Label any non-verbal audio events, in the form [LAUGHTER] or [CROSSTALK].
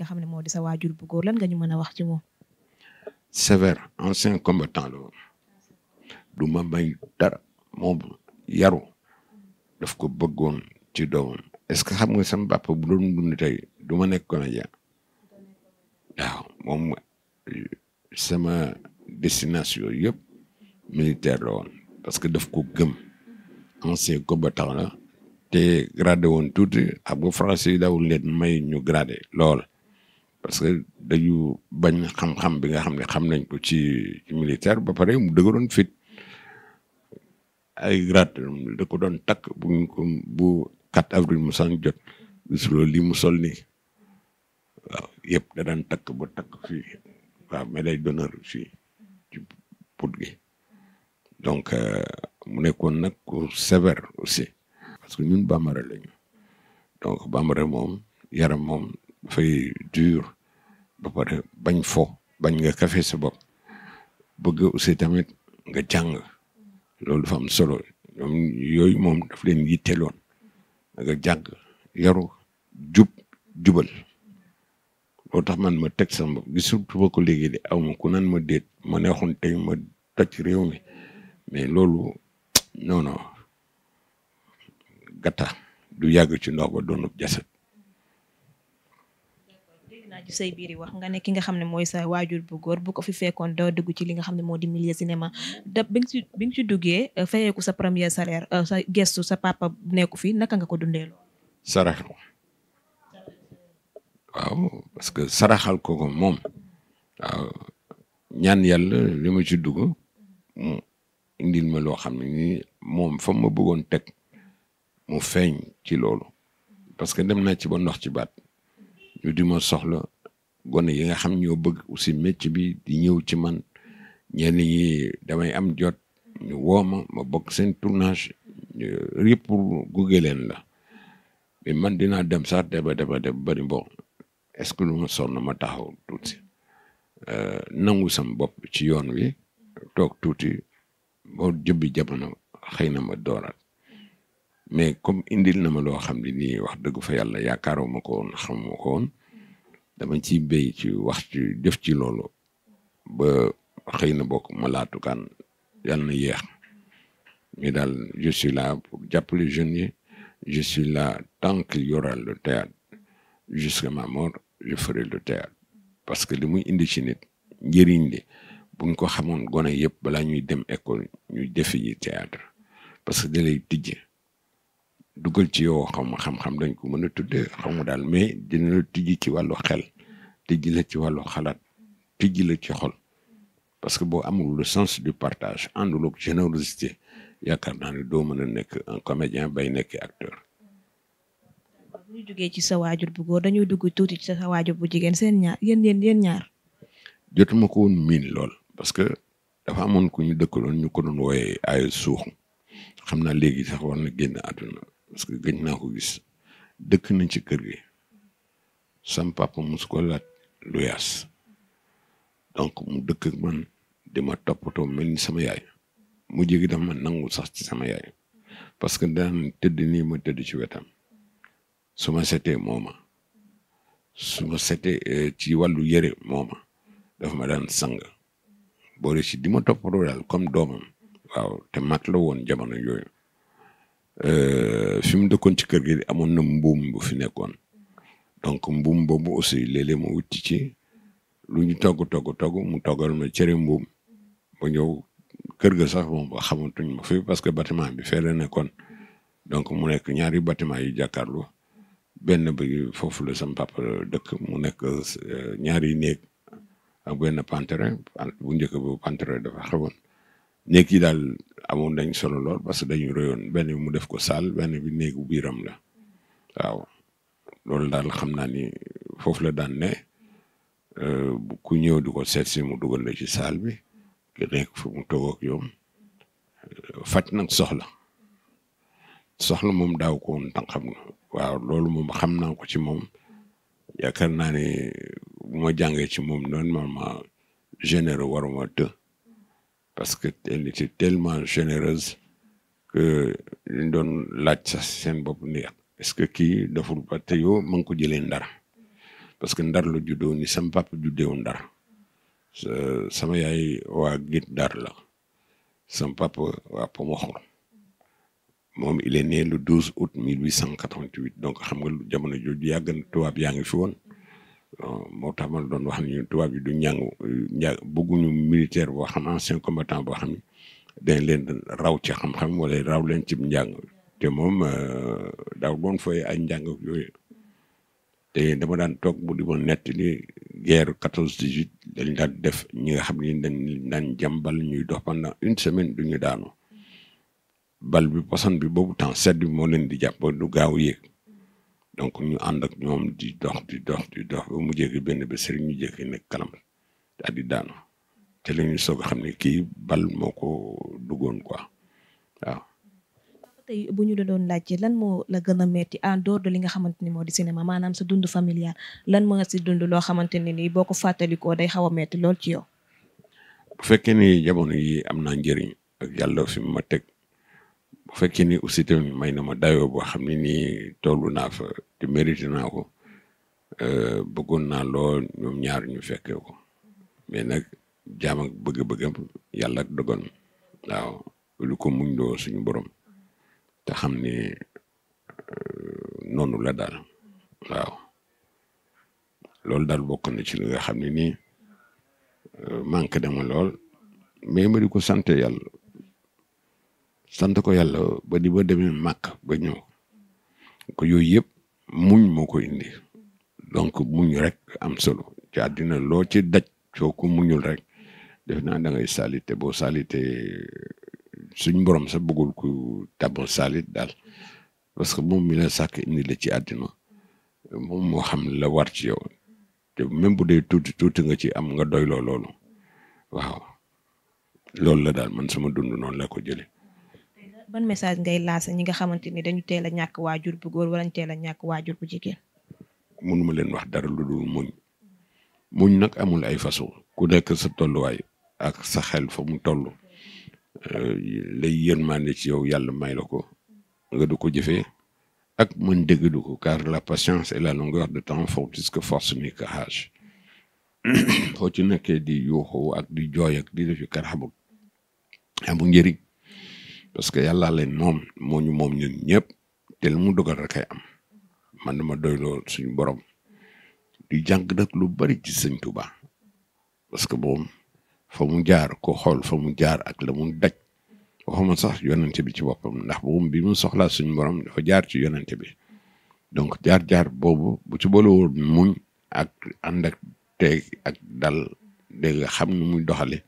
nga xam ne moo di sa waajur bu góor lan nga ñu mën a wax ci moom. sévère ancien combattant la woon du ma may dara moom yaru daf ko bëggoon ci doomam est-ce que xam nga sama papa bu doon dund tey du ma nekk comédien waaw moom sama destination yëpp militaire lool parce que daf ko gëm ancien combattant la te grade woon tuuti xam nga français daawul leen may ñu gradé lool parce que dañu bañ xam-xam bi nga xam ne xam nañ ko ci ci militaire ba pare mu dëgëroon fit ay grade da ko doon takk bu ñu ko avril mu san jot gis loolu lii mu sol nii yëpp da daan takk ba takk fi waaw médaille d'honneur fii ci put gi donc euh, mu nekkoon nag ku sévère aussi parce que ñun ba bambara lañu ba bambara moom yaram moom dafay dur ba pare bañ fo bañ nga kafe sa bop bëgg aussi tamit nga jàng loolu dafa am solo ñoom yooyu moom daf leen yitteloon nga jàng yoru jub jubal loo tax man ma teg sama bopp gi surtout ba ko léegi de aw ma ku nan ma déet ma neexoon tey ma toj réew mi mais loolu non non gàtta du yàgg ci ndox ba doonub jasad ju say biir wax nga ne ki nga xam ne mooy sa waajur bu góor bu ko fi fekkoon doo dugg ci li nga xam ne moo di milieu cinéma da bi nga ci bi nga ci duggee euh, fayeeku sa premier salaire euh, sa gestu sa papa nekku fi naka nga ko dundeeloo sarax waaw parce que saraxal ko ko moom waaw ñaan yàlla li ma ci dugg mu indil ma loo xam ne ni moom fa ma bëggoon teg mu feeñ ci loolu parce que dem naa ci ba ndox ci baat ñu di ma soxla gone yi nga xam ñoo bëgg aussi métier bi di ñëw ci man ñenn ñi damay am jot ñu woo ma ma bokk seen tournage yëpp pour gunge leen la mais man dinaa dem sax deba deba deb bari bon est-ce que lu ma sonn ma taxaw tuuti euh, nangu sam bopp ci yoon wi toog tuuti boo jëbbi jamono xëy na ma dooraat mais comme indil na ma loo xam ne nii wax dëgg fa yàlla yaakaaroo ma ko woon xamuma koon woon dama ciy béy ci wax ci def ci loolu ba xëy na bokk ma laatukaan yàlla na yéex mais daal je suis là pour jàppale jeunes yi je suis là tant qu'il y aura le théâtre jusqu'à ma mort je ferai le théâtre parce que li muy indi ci nit njëriñ li buñ ko xamoon gone yëpp balaa ñuy dem école ñuy defi yi théâtre parce que da lay tijji dugal ci yow xam xam-xam dañ ko mën a tuddee xam nga daal mais dina la tijji ci wàllu xel tijji la ci wàllu xalaat tijji la ci xol parce que boo amul lu sens du partage àndul ak générosité yaakaar naa ne doo mën a nekk un comédien bay nekk acteur. bu ñu jógee ci sa waajur bu dañuy dugg tuuti ci sa waajur bu jigéen seen ñaar yéen yéen yéen jotuma ko woon miin lool parce que dafa amoon ku ñu dëkkaloon ñu ko doon wooyee ay suux xam naa léegi sax war na génn àdduna. parce que gëj naa ko gis dëkk nañ ci kër gi sam papa mosu lu yaas donc mu dëkk man di ma toppatoo mel ni sama yaay mu jégi daf ma nangul sax ci sama yaay parce que daan tëdd nii ma tëdd ci wetam su ma setee mooma su setee eh, ci wàllu yëre mooma dafa ma daan sang boole si di ma toppatoo daal comme doomam waaw te mat la woon jamono yooyu Euh, fi mu dëkkoon ci kër gi amoon na mbuum bu fi nekkoon donc mbuum boobu aussi léeg-léeg mu wuti ci lu ñu togg togg togg mu toggal ma cere mbuum ba ñëw kër ga sax moom xamatuñ ma fi parce que bâtiment bi fere la nekkoon donc mu nekk ñaari bâtiment yu jàkkaarloo benn bi foofu la sam papa dëkk mu nekk euh, ñaari néeg ak benn pantere bu njëkk bu pantere dafa xawoon néeg yi daal amoon nañ solo lool parce que dañu reyoon benn bi mu def ko saal benn bi néegu biiram la waaw loolu daal xam naa ni foofu la daan ne euh, ku ñëw di ko seet si mu dugal la ci saal bi nga nekk fu mu toog ak yoom euh, faj nag soxla soxla moom daaw ko woon waaw loolu moom xam naa ko ci moom yaakaar naa ne bu ma jàngee ci moom noonu ma ma généreux waruma të parce que elle était tellement généreuse que ñu doon laaj sax seen bopp ni est-ce que kii daful ba te yow ma ngi ko jëlee ndar parce que ndar la juddoo ni sama papa juddoo ndar sama yaay waa git ndar la sama papa waa Pomoxol moom il est né le 12 août 1888 donc xam nga jamono jooju yàgg na tubaab yaa ngi fi woon. Euh, moo tax ma doon wax ni tubaab yi du ñàngu ña bëgguñu militaire boo xam ancien combattant boo xam ni dañ leen raw ci xam-xam wala raw leen ci njàng te moom euh, daw doon fooy ay njàng yooyu te dama daan toog bu di ma nett ni guerre quatorze dix-huit dañ def ñi nga xam ni dañ daan jàmbal ñuy dox pendant une semaine du ñu daanu bal bi posan bi boobu temps sedd moo leen di jàpp du gaaw yéeg donc ñu ànd ak ñoom di dox di dox di dox ba mu jékki benn ba sëriñ ñu jékki nekk kanam daal di daanu te la ñu soog xam ne kii bal moo ko duggoon quoi waaw. tey bu ñu doon laajte lan moo la gën a metti en dehors de li nga xamante ni moo di cinéma maanaam sa dund familial lan moo si dund loo xamante ne nii boo ko fàttalikoo day xaw a metti lool ci yow. bu fekkee ni jamono yi am naa njëriñ ak yàlla fi ma teg. bu fekkee ni aussi tamit may na ma dayoo boo xam ne nii tollu naa fa te mérité naa ko euh, bëggoon naa lool ñoom ñaar ñu fekkee ko mais nag jaam ak bëgg-bëggam yàlla ak dogon waaw lu ko muñ doo suñu borom te xam ni euh, noonu la daal waaw loolu daal bokk na ci li nga xam ne nii euh, manqué dama lool mais ma di ko sant yàlla sant ko yàlla ba di ba demee màkk ba ñëw ko yooyu yëpp muñ moo ko indi donc muñ rek am solo ci àddina loo ci daj soo mu muñul rek def naa da ngay salité boo salité suñ borom sa bëggul ku tabal salit daal parce que moom mi la sàkk indi la ci àddina moom moo xam la war ci yow te même bu dee tuuti tuuti nga ci am nga doy loolu lool loolu la daal man sama dund noonu la ko jëlee ban message ngay lancé ñi nga xamante ni dañu teel a ñàkk waajur bu góor wala ñu teel a ñàkk waajur bu jigéen. mënuma leen wax dara lu dul muñ muñ nag amul ay façon ku nekk sa tolluwaay ak sa xel fa mu toll euh, lay yërmande ci yow yàlla may la ko nga du ko jëfee ak mën déglu ko car la patience et la longueur de temps font plus que force ni que âge [COUGHS] ci nekkee di yuuxu ak di jooy ak di def kar xamul amu njëriñ parce que yàlla leen moom moo ñu moom ñun ñëpp te mu dogal rek ay am man dama ma lool suñu borom di jàng nag lu bari ci sëñ Tuba parce que moom fa mu jaar ko xool fa mu jaar ak la mu daj waxuma sax ci bi ci boppam ndax moom bi mu soxlaa suñu borom dafa jaar ci yonente bi donc jaar-jaar boobu bu ci boole woon muñ ak ànd ak teeg ak dal dégg nga xam ni muy doxale